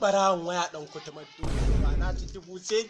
ɓarawan waya ɗan kutumar duniya ba na ci dubu sai